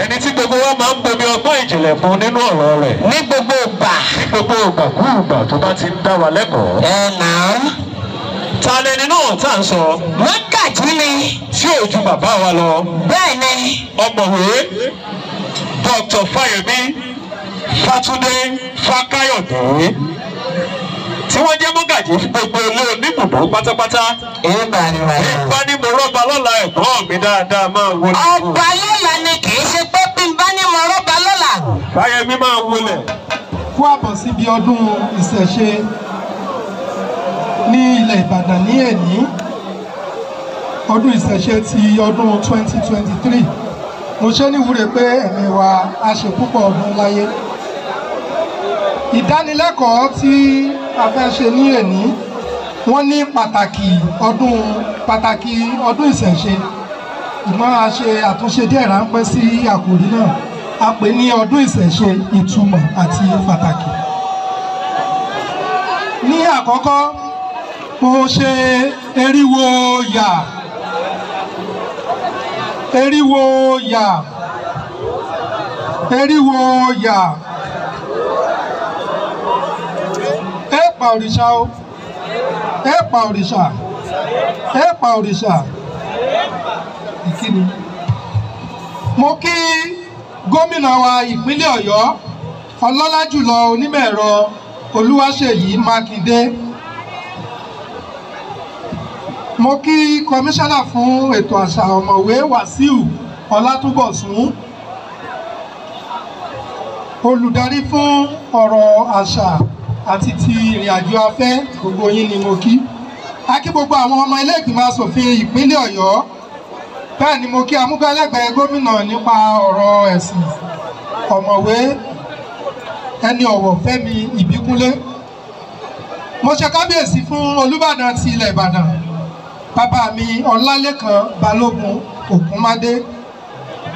ẹni tí gbogbo wa máa ń bomi ọgbọ́n ìjìnlẹ̀ fún nínú ọ̀rọ̀ rẹ̀. ní gbogbo ìgbà. ní gbogbo ìgbà kú ìgbà tó bá ti ń dá wa lẹ́kọ̀ọ́. ẹ nàá. ta lẹni náà tá à ń sọ. wákàtí ni. tí ò ju bàbá wa lọ. bẹ́ẹ̀ ni. ọ̀mọ̀wé Dr. Fáyẹmí Fátúndé Fákáyọ̀dé tí wọ́n jẹ́ mọ́gàjì gbogbo olóòní bùbọ́ pátápátá. ìbánimọ̀ lọ́la ẹ̀gbọ́n mi dáadáa máa wọlé. ọba lọ́la ni kì í ṣe pé bí n bá ní mo rọ́ba lọ́la. fáyemí máa wọlé. fún àbọ̀ síbi ọdún ìṣẹ̀ṣe ní ilẹ̀ ìbàdàn ní èní ọdún ìṣẹ̀ṣe ti ọdún 2023 mo ṣe níwúre pé ẹ̀mí wa a ṣe púpọ̀ ọdún láyé ìdánilẹ́kọ̀ọ́ tí a fẹ́ ṣe ní èní wọ́n ní pàtàkì ọdún pàtàkì ọdún ìṣẹ̀ṣe ìgbọ́n a ṣe àtúnṣe díẹ̀ ráńpẹ́ sí àkòrí náà a pè ní ọdún ìṣẹ̀ṣe ìtumọ̀ àti pàtàkì. ní àkọ́kọ́ mo ṣe eriwo yà eriwo yà eriwo yà ẹ pa òrìṣà o ẹ pa òrìṣà ẹ pa òrìṣà ìkíni. mo kí gómìnà wa ìpínlẹ̀ ọ̀yọ́ ọlọ́lá jùlọ onímọ̀ ẹ̀rọ olúwaṣèyí mákindé mo kí kọmíṣánná fún ètò àṣà ọ̀mọ̀wé wàsíù ọlátúbọ̀sún olùdarí fún ọ̀rọ̀ àṣà àti ti ìrìn àjò afẹ́ gbogbo yín ni mo kí a kí gbogbo àwọn ọmọ ilé ìgbìmọ̀ asòfin ìpínlẹ̀ Ọ̀yọ́ bẹ́ẹ̀ ni mo kí amúgbálẹ́gbẹ̀ẹ́ gómìnà nípa ọ̀rọ̀ ẹ̀sìn ọ̀mọ̀wé ẹni ọ̀wọ̀ Fẹ́mi Ìbíkúnlé mo ṣe kábíyèsí fún Olúbàdàn ti ilẹ̀ Ìbàdàn bàbá mi Ọlálékan Balógun Ògúnmádé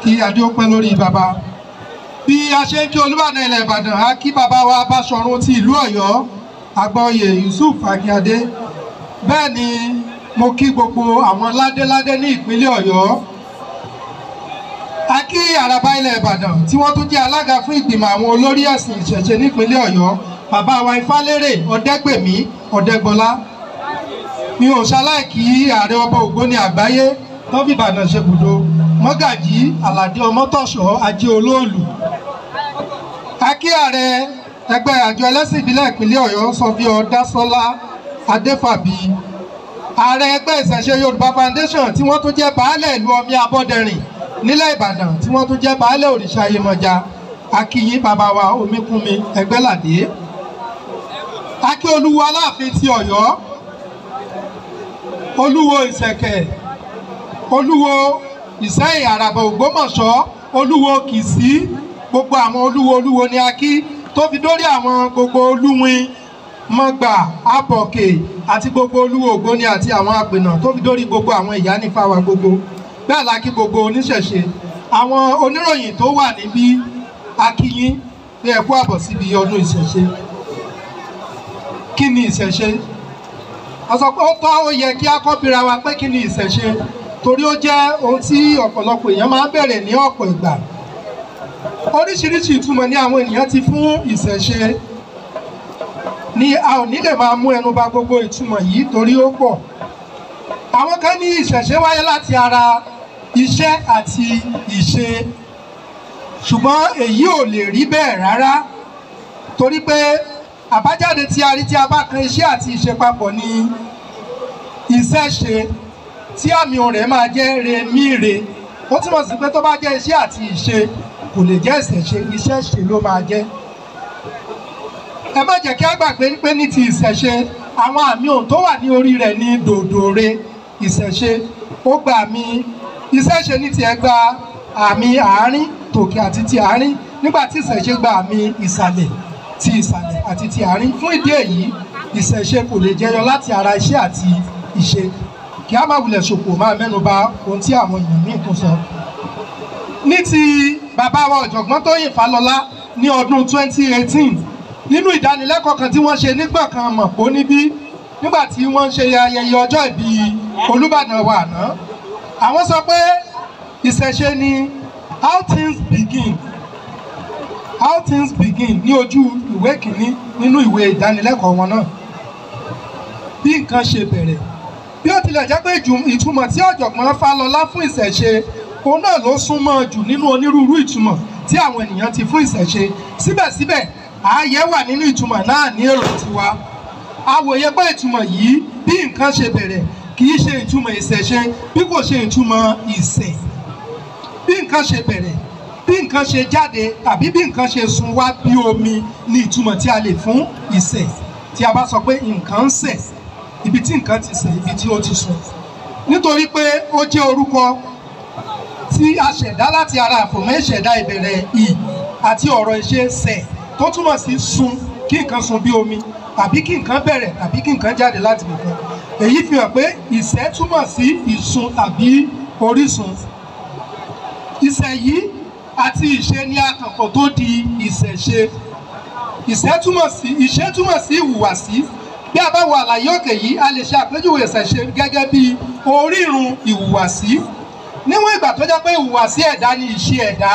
kí adé ó pẹ́ lórí bàbá bí a ṣe ń kí olúbàdàn ilẹ̀ ìbàdàn a kí bàbá wa Báṣọ̀run ti ìlú ọ̀yọ́ àgbọ̀yè Yusuf Akínadé bẹ́ẹ̀ ni mo kí gbogbo àwọn ládéládé ní ìpínlẹ̀ ọ̀yọ́ a kí àràbà ilẹ̀ ìbàdàn tí wọ́n tún jẹ́ alága fún ìgbìmọ̀ àwọn olórí ẹ̀sìn ìṣẹ̀ṣe nípínlẹ̀ ọ̀yọ́ bàbá wa Ifálérè ọ̀dẹ́gbèmí ọ̀dẹ́gbọlá mi ò ṣaláì kí ààrẹ ọba ògbóni àgbáyé tó fi ìbàdàn ṣe bùdó mọ́gàjí àlàdé ọmọtọ̀ṣọ́ ajé olóòlù akí ààrẹ ẹgbẹ́ àjọ ẹlẹ́sìn ìbílẹ̀ ìpínlẹ̀ ọ̀yọ́ sọfíọ dásọ́lá adéfàbí ààrẹ ẹgbẹ́ ìṣẹ̀ṣe yorùbá foundation tí wọ́n tún jẹ́ baálẹ̀ ìlú ọmí abọ́dẹrìn nílẹ̀ ìbàdàn tí wọ́n tún jẹ́ baálẹ̀ òrìṣà yemọja akíyín bàbá wa omíkunmi ẹgbẹ́ládé akí olúwo aláàfin ti ọ̀yọ́ olúwo ìṣẹ̀kẹ̀ olúwo ìṣẹ̀yìn àràbà ògbómọ̀ṣọ́ olúwo kìsì gbogbo àwọn olúwo olúwo ni a kí tó fi dórí àwọn gbogbo olúwin mọ́gbà àpọ̀kè àti gbogbo olúwo ògbóni àti àwọn àpènà tó fi dórí gbogbo àwọn ìyá nífà wa gbogbo bẹ́ẹ̀ la kí gbogbo oníṣẹ̀ṣe àwọn oníròyìn tó wà níbí a kí yín bí ẹ kú àbọ̀ síbi ọdún ìṣẹ̀ṣe kí ni ìṣẹ̀ṣe ọ̀sọ̀ pé ó tọ́ ó yẹ kí a kọ́ wa pé kí ni ìṣẹ̀ṣe torí ó jẹ́ ohun tí ọ̀pọ̀lọpọ̀ èèyàn máa ń bẹ̀rẹ̀ ní ọ̀pọ̀ ìgbà oríṣiríṣi ìtumọ̀ ni àwọn ènìyàn ti fún ìṣẹ̀ṣe ni a ò nílẹ̀ máa mú ẹnu bà gbogbo ìtumọ̀ yìí torí ó pọ̀ àwọn kan ní ìṣẹ̀ṣe wáyé láti ara iṣẹ́ àti ìṣe ṣùgbọ́n èyí ò lè rí bẹ́ẹ̀ rárá torí pé àbájáde tí a rí tí a bá kan iṣẹ́ àti ìṣe papọ̀ ni ìṣẹ̀ṣe tí àmì rẹ̀ máa jẹ́ remíre ó túmọ̀ sí pé tó bá jẹ́ iṣẹ́ àti ìṣe kò lè jẹ́ ẹ̀sẹ̀ ṣe iṣẹ́ ṣe ló máa jẹ́ ẹ má jẹ́ kí á gbà pé ní ti ìṣẹ̀ṣe àwọn àmì ohun tó wà ní orí rẹ̀ ní dòdòre ìṣẹ̀ṣe ó gba àmì ìṣẹ̀ṣe ní tiẹ̀ gba àmì àárín tòkè àti ti àárín nígbà tí ìṣẹ̀ṣe gba àmì ìsàlẹ̀ ti ìsàlẹ̀ àti ti àárín fún ìdí èyí ìṣẹ̀ṣe kò lè jẹyọ láti ara iṣẹ́ àti ìṣe kí á má wulẹ̀ ṣòkò máa mẹ́nu bà ohun tí àwọn èèyàn míì tún sọ. ní ti bàbá wa ọ̀jọ̀gbọ́n Tóyìn Fálọlá ní ọdún 2018 nínú ìdánilẹ́kọ̀ọ́ kan tí wọ́n ṣe nígbàkan mọ̀pó níbí nígbà tí wọ́n ń ṣe ayẹyẹ ọjọ́ ìbí Olúbàdàn wa àná àwọn sọ pé ìṣẹ̀ṣe ni how things begin how things begin ní ojú ìwé kìíní nínú ìwé ìdánilẹ́kọ̀ọ́ wọn náà bí nǹkan ṣe bẹ̀rẹ̀ bí ó tilẹ̀ jẹ́ pé ìtumọ̀ tí ọ̀jọ̀gbọ́n Fálọlá fún ìṣẹ̀ṣe òun náà ló súnmọ́ jù nínú onírúurú ìtumọ̀ tí àwọn ènìyàn ti fún ìṣẹ̀ṣe síbẹ̀síbẹ̀ ààyè wà nínú ìtumọ̀ náà ní èrò tiwa àwòye pé ìtumọ̀ yìí bí nǹkan ṣe bẹ̀rẹ̀ kì í ṣe ìtumọ̀ ìṣẹ̀ṣe bí kò ṣe ìtumọ̀ ìṣẹ̀ bí nǹkan ṣe bẹ̀rẹ̀ bí nǹkan ṣe jáde tàbí bí nǹkan ṣe sun wá bí omi ni ìtumọ̀ tí a lè fún ìṣẹ̀ tí a bá sọ pé nǹkan ń ṣẹ̀ ibi tí nǹkan ti ṣẹ̀ ibi tí ó ti sun nítorí pé ó jẹ́ orúkọ tí a ṣẹ̀dá láti ara àfòmọ́ ìṣẹ̀dá ìbẹ̀rẹ̀ ì àti ọ̀rọ̀ ìṣe sẹ̀ tó túmọ̀ sí sun kí nǹkan sun bí omi tàbí kí nǹkan bẹ̀rẹ̀ tàbí kí nǹkan jáde láti nǹkan èyí fi hàn pé ìṣẹ́ túmọ̀ sí ìsun tàbí orísun ìṣẹ̀ yìí àti ìṣe ni àkànpọ̀ tó di ìṣẹ̀ṣe ìṣẹ́ túmọ̀ sí ìṣe túmọ̀ sí ìhùwàsí bí a bá wo àlàyé òkè yìí a lè ṣe àpéjúwe ìṣẹ̀ṣe gẹ́gẹ́ bí orírun ìhùwàsí níwọ̀n ìgbà tó jẹ́ pé ìhùwàsí ẹ̀dá ni ìṣe ẹ̀dá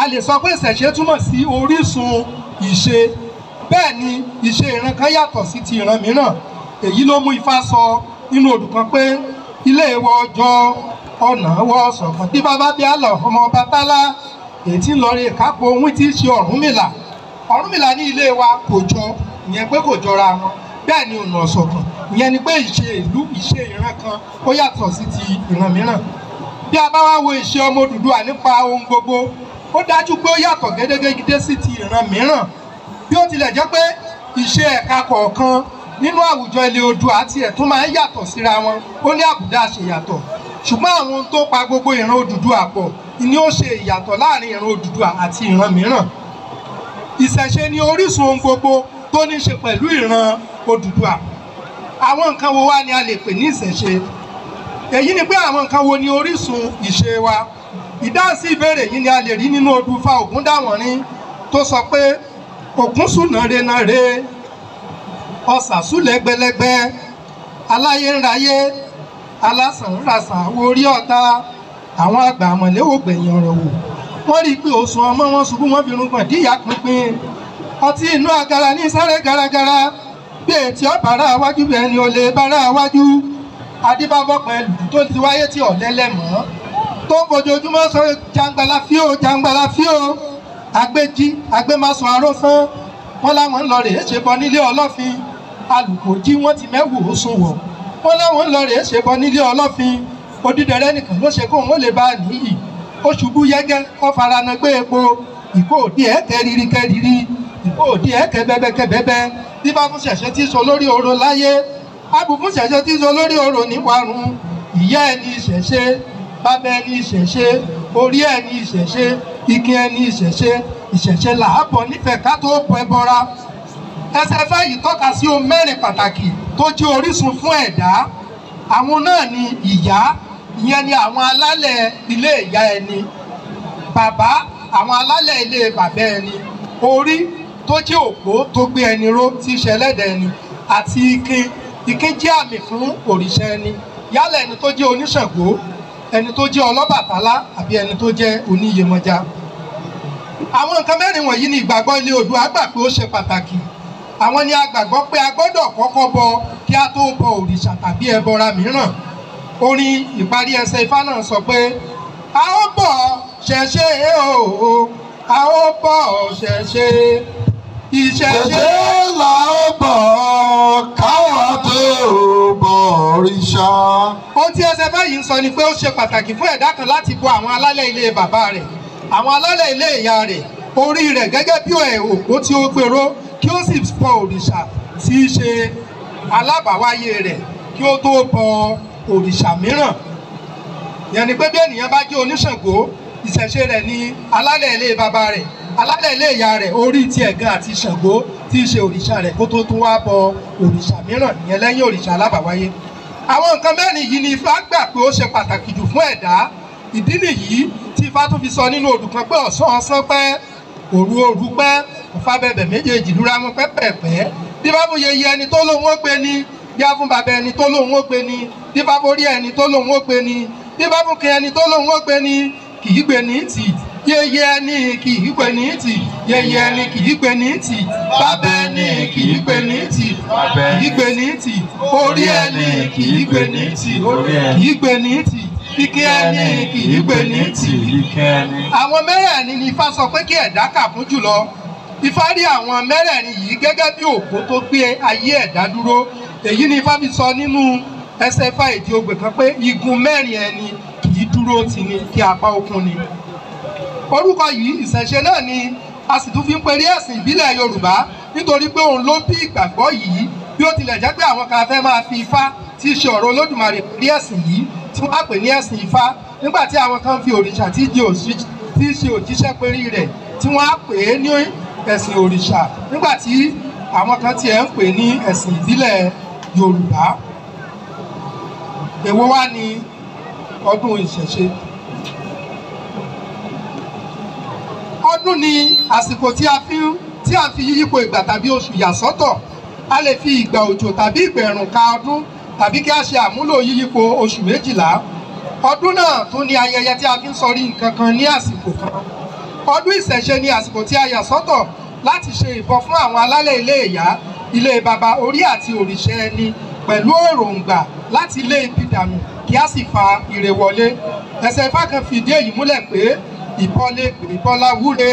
a lè sọ pé ìṣẹ̀ṣe túmọ̀ sí orísun ìṣe bẹ́ẹ̀ ni ìṣe ìran kan yàtọ̀ sí ti ìran mìíràn èyí ló mú Ifá sọ nínú odù kan pé ilé ìwọ ọjọ́ ọ̀nà wọ sọ̀kan bí bàbá bí àlọ́ ọmọ bàtálá ètí lọrin ìkápò ohun tí í ṣe Ọ̀rúnmìlà Ọ̀rúnmìlà ní ilé wa kò jọ ìyẹn pé kò jọra wọn bẹ́ẹ̀ ni ọ̀nà ọ̀sọ̀kan ìyẹn ni pé ìṣe ìlú ìṣe ìran kan ó yàtọ̀ sí ti ìran mìíràn bí a bá wá wo ìṣe ọmọ Odùduwà nípa ohun gbogbo ó dájú pé ó yàtọ̀ gédégédé sí ti ìran mìíràn bí ó tilẹ̀ jẹ́ pé ìṣe ẹ̀ka kọ̀ọ̀kan nínú àwùjọ ilẹ̀ Oòduà tiẹ̀ tún máa ń yàtọ̀ síra wọn ó ní àbùdá àṣeyàtọ̀ ṣùgbọ́n àwọn ohun tó pa gbogbo ìran Odùduwà pọ̀ ni ó ṣe ìyàtọ̀ láàrin ìran Odùduwà àti ìran mìíràn ìṣẹ̀ṣe ni orísun ohun gbogbo tó ní ṣe pẹ̀lú ìran Odùduwà àwọn nǹkan wo wá ni a lè pè ní ìṣẹ̀ṣe èyí ni pé àwọn nǹkan wo ni orísun ìṣe wa ìdáhùnsí ìbéèrè yìí ni a lè rí nínú Odùfà Ògúndàwọ̀nrín tó sọ pé òkúnsùnàre nàre ọ̀sàsúlẹ̀gbẹ̀lẹ̀gbẹ̀ aláyé ń alásàn ń orí ọ̀tá àwọn àgbà àmọ̀léwò gbẹ̀yìn ọ̀rọ̀ wò wọ́n rí i pé òsùn ọmọ wọn ṣubú wọn fi rungbọ̀n díyà pinpin ọtí inú agara ní sáré garagara bí ètí ọ̀bàrà wájú bẹ́ẹ̀ ni olè bàrà wájú adébábọ́pẹ́ tó ti wáyé tí ọ̀lẹ́lẹ̀ mọ́ tó fojoojúmọ́ sọ jàǹgbàlà fíò jàǹgbàlà fíò agbéjí agbémasùn arófán wọn láwọn ń lọ rèé ṣe bọ nílé ọlọ́fin alùkò jí wọn ti mẹ́wù ó sùn wọ̀ wọn láwọn ń lọ rèé ṣe bọ nílé ọlọ́fin odídẹrẹ́ nìkan ló ṣe kóun ó lè bá a nìyí ó ṣubú yẹ́gẹ́ kó farana gbé epo ìkó òdì ẹ̀kẹ́ rírí kẹ́ ìkó òdì ẹ̀kẹ́ bẹ́bẹ́kẹ́ bẹ́bẹ́ bí bá tún ṣẹ̀ṣẹ̀ tí so lórí oró láyé abùkún ṣẹ̀ṣẹ̀ tí ń sọ lórí orò níparun ìyá ẹni ìṣẹ̀ṣe bàbá ẹni ìṣẹ̀ṣe orí ẹni ìṣẹ̀ṣe ikin ẹni ìṣẹ̀ṣe ìṣẹ̀ṣe làábọ̀ nífẹ̀ẹ́ ká tó bọ ẹbọra ẹsẹ̀ fẹ́ yìí tọ́ka sí ohun mẹ́rin pàtàkì tó jẹ́ orísun fún ẹ̀dá àwọn náà ni ìyá ìyẹn ni àwọn alálẹ̀ ilé ìyá ẹni bàbá àwọn alálẹ̀ ilé bàbá ẹni orí tó jẹ́ òpó tó gbé ẹni ró tí ṣẹlẹ́dẹ̀ ẹni àti ikin ìkejì àmì fún òrìṣà ẹni yálà ẹni tó jẹ́ oníṣàngó ẹni tó jẹ́ ọlọ́bàtálá àbí ẹni tó jẹ́ oníyemọja àwọn nǹkan mẹ́rin wọ̀nyí ni ìgbàgbọ́ ilé Oòduà gbà pé ó ṣe pàtàkì àwọn ni a gbàgbọ́ pé a gbọ́dọ̀ kọ́kọ́ bọ kí a tó bọ òrìṣà tàbí ẹbọra mìíràn orin ìparí ẹsẹ̀ ifá náà sọ pé a ó bọ̀ ṣẹ̀ṣẹ̀ o a ó bọ̀ ṣẹ̀ṣẹ̀ ìṣẹ̀dé là ó bọ̀ káwọn tó bọ̀ òrìṣà. ohun tí ẹsẹ̀ báyìí ń sọ ni pé ó ṣe pàtàkì fún ẹ̀dá kan láti bọ àwọn alálẹ̀ ilé bàbá rẹ̀ àwọn alálẹ̀ ilé ìyá rẹ̀ orí rẹ̀ gẹ́gẹ́ bí òkú tí ó péró kí ó sì bọ òrìṣà tí í ṣe alábàáwáyé rẹ̀ kí ó tó bọ òrìṣà mìíràn yẹn ni pé bí ènìyàn bá jẹ́ oníṣàngó ìṣẹ̀ṣe rẹ̀ ni alálẹ̀ ilé bàbá rẹ̀ alálẹ̀ ilé ìyá rẹ̀ orí ti ẹ̀gán àti ṣàngó tí í ṣe òrìṣà rẹ̀ kó tó tún wá bọ òrìṣà mìíràn nìyẹn lẹ́yìn òrìṣà alábàwáyé àwọn nǹkan mẹ́rin yìí ni ifá gbà pé ó ṣe pàtàkì jù fún ẹ̀dá ìdí nìyí tí ifá tún fi sọ nínú odù kan pé ọ̀sán ọ̀sán pẹ́ òru òru pẹ́ ọ̀fà bẹ̀bẹ̀ méjèèjì lúra mú pẹ́pẹ̀pẹ́ bí bá bóye yẹ ẹni tó lóun ó gbé ni bí a ẹni tó lóun ó gbé ni bí bá borí ẹni tó lóun ó gbé ni bí bá fún ẹni tó lóun ó gbé ni kì í gbé ni tì í yẹyẹ ni kì í pè ní tì yẹyẹ ni kì í pè ní tì bàbá ẹni kì í pè ní tì kì í pè ní tì orí ẹni kì í pè ní tì kì í pè ní tì kíkẹ́ ẹni kì í pè ní tì. àwọn mẹ́rẹ̀ẹ̀rin ni ifá sọ pé kí ẹ̀dá kà fún jùlọ ifá rí àwọn mẹ́rẹ̀ẹ̀rin yìí gẹ́gẹ́ bí òpó tó gbé ayé ẹ̀dá dúró èyí ni ifá fi sọ nínú ẹsẹ̀ fáìdí ogbè kan pé igun mẹ́rin ẹni kì í dúró tì ní kí apá okun ni orúkọ yìí ìṣẹ̀ṣe náà ni a sì tún fi ń perí ẹ̀sìn ìbílẹ̀ Yorùbá nítorí pé òun ló bí ìgbàgbọ́ yìí bí ó tilẹ̀ jẹ́ pé àwọn kan fẹ́ máa fi ifá tí í ṣe ọ̀rọ̀ Olódùmarè perí ẹ̀sìn yìí tí wọ́n á pè ní ẹ̀sìn ifá nígbà tí àwọn kan fi òrìṣà tí í ṣe òjíṣẹ́ perí rẹ̀ tí wọ́n á pè é ní ẹ̀sìn òrìṣà nígbà tí àwọn kan tiẹ̀ ń pè ní ẹ̀sìn ìbílẹ̀ Yorùbá èwo wá ni ọdún ìṣẹ̀ṣe ọdún ni àsìkò tí a fi ń tí a fi yíyípo ìgbà tàbí oṣù yà sọ́tọ̀ a lè fi ìgbà òjò tàbí ìgbà ẹ̀rùn ka ọdún tàbí kí a ṣe àmúlò yíyípo oṣù méjìlá ọdún náà tún ni ayẹyẹ tí a fi ń sọrí nǹkan kan ní àsìkò kan ọdún ìṣẹ̀ṣe ni àsìkò tí a yà láti ṣe ìbọn fún àwọn alálẹ̀ ilé ìyá ilé baba orí àti òrìṣà ẹni pẹ̀lú èròǹgbà láti lé ibi dànù kí a sì fa ire wọlé ẹsẹ̀ ifá kan fìdí èyí múlẹ̀ pé ìbọlé ìbọlá wúre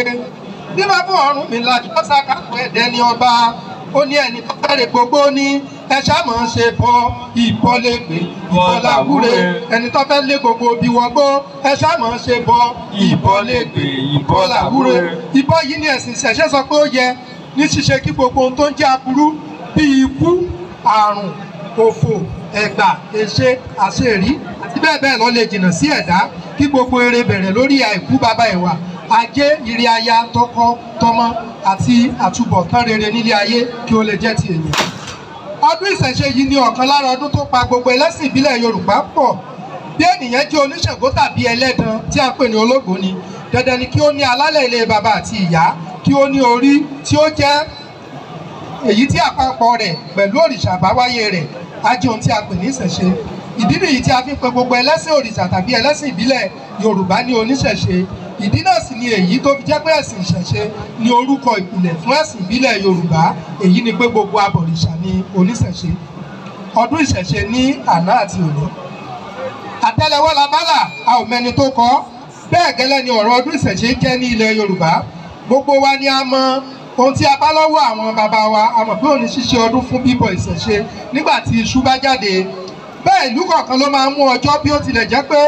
bí bàbá ọ̀run mi la ìbọ́sà kápọ̀ ẹ̀dẹ́ ní ọba ó ní ẹni tó fẹ́rẹ̀ gbogbo ní ẹ ṣàmọ̀ ń ṣe bọ ìbọ́lẹ̀gbẹ̀ ìbọ́lá wúre ẹni tó fẹ́ lé gbogbo bí wọgbó ẹ ṣàmọ̀ ń ṣe bọ ìbọ́lẹ̀gbẹ̀ ìbọ́lá wúre ìbọ́ yìí ni ẹ̀sìn ṣẹ̀ṣẹ̀ sọ pé ó yẹ ní ṣíṣe kí gbogbo ohun tó ń jẹ́ aburú bí ikú àrùn òfò ẹ̀gbà èṣe àṣerí àti bẹ́ẹ̀ bẹ́ẹ̀ lọ lè jìnnà sí ẹ̀dá kí gbogbo eré bẹ̀rẹ̀ lórí àìkú bàbá ẹ̀ wa ajé ìrì aya tọkọ tọmọ àti àtúbọ̀tán rere nílé ayé kí ó lè jẹ́ ti èèyàn. ọdún ìṣẹ̀ṣe yìí ni ọ̀kan lára ọdún tó pa gbogbo ẹlẹ́sìn ìbílẹ̀ yorùbá pọ̀ bí ènìyàn jẹ́ oníṣègùn tàbí ẹlẹ́dàn tí a pè ní ológo ni dandan ni kí ó ní alálẹ̀ ilé bàbá àti ìyá kí ó ní orí tí ó jẹ́ èyí tí àpapọ̀ rẹ̀ pẹ̀lú òrìṣà àbáwáyé rẹ̀ á jẹ́ tí a pè ní ìṣẹ̀ṣe ìdí nìyí tí a fi ń pe gbogbo ẹlẹ́sìn òrìṣà tàbí ẹlẹ́sìn ìbílẹ̀ Yorùbá ní oníṣẹ̀ṣe ìdí náà sì ni èyí tó fi jẹ́ pé ẹ̀sìn ìṣẹ̀ṣe ni orúkọ ìpìlẹ̀ fún ẹ̀sìn ìbílẹ̀ Yorùbá èyí ni pé gbogbo abọ̀rìṣà ni oníṣẹ̀ṣe ọdún ìṣẹ̀ṣe ní àná àti òní àtẹ́lẹwọ́ la bálà a ò mẹni tó kọ bẹ́ẹ̀ gẹ́lẹ́ ni ọ̀rọ̀ ọdún ìṣẹ̀ṣe jẹ́ ní ilẹ̀ Yorùbá gbogbo wa ni a mọ ohun tí a bá lọ́wọ́ àwọn bàbá wa a pé òní ṣíṣe ọdún fún bíbọ ìṣẹ̀ṣe nígbà tí iṣu bá jáde bẹ́ẹ̀ ìlú kọ̀ọ̀kan ló máa ń mú ọjọ́ bí ó tilẹ̀ jẹ́ pé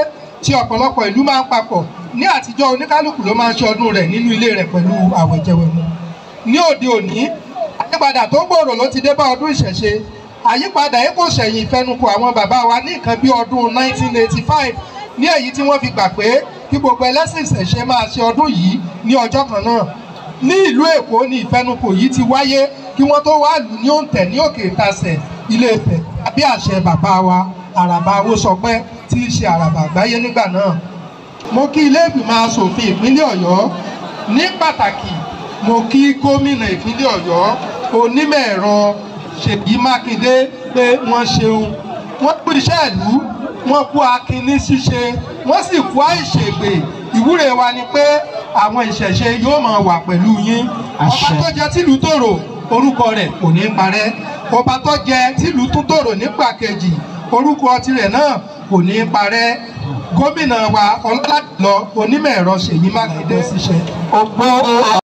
tí ọ̀pọ̀lọpọ̀ ìlú máa ń papọ̀ ní àtijọ́ oníkálukú ló máa ń ṣe ọdún rẹ̀ nínú ilé rẹ̀ pẹ̀lú àwẹ̀jẹwẹ̀mu ní òde òní àyípadà tó gbòòrò ló ti dé bá ọdún ìṣẹ̀ṣe àyípadà yìí kò ṣẹ̀yìn ìfẹnukò àwọn bàbá wa ní nǹkan bí ọdún 1985 ní èyí tí wọ́n fi gbà pé kí gbogbo ẹlẹ́sìn ìṣẹ̀ṣe máa ṣe ọdún yìí ní ọjọ́ kan náà ní ìlú Èkó ni ìfẹnukò yìí ti wáyé kí wọ́n tó wá ní òǹtẹ̀ ní òkè ìtasẹ̀ Ilé Ifẹ̀ bí àṣẹ bàbá wa àràbà awósọpẹ́ tí í ṣe àràbà àgbáyé nígbà náà mo kí ilé ìgbìmọ̀ asòfin ìpínlẹ̀ ọ̀yọ́ ní pàtàkì mo kí gómìnà ìpínlẹ̀ ọ̀yọ́ onímọ̀ ẹ̀rọ ṣèbí mákindé pé wọ́n ṣeun wọ́n kú iṣẹ́ ìlú wọ́n kú akin ní ṣíṣe wọ́n sì kú àìṣègbè ìwúre wa ni pé àwọn ìṣẹ̀ṣe yóò máa wà pẹ̀lú yín ọba tó jẹ tìlú tòrò orúkọ rẹ̀ kò ní parẹ́ ọba tó jẹ tìlú tún tòrò nípa kejì orúkọ tirẹ̀ náà kò ní parẹ́ gómìnà wa ọlọ́ládìlọ onímọ̀ ẹ̀rọ Ṣèyí Mákindé ṣiṣẹ́.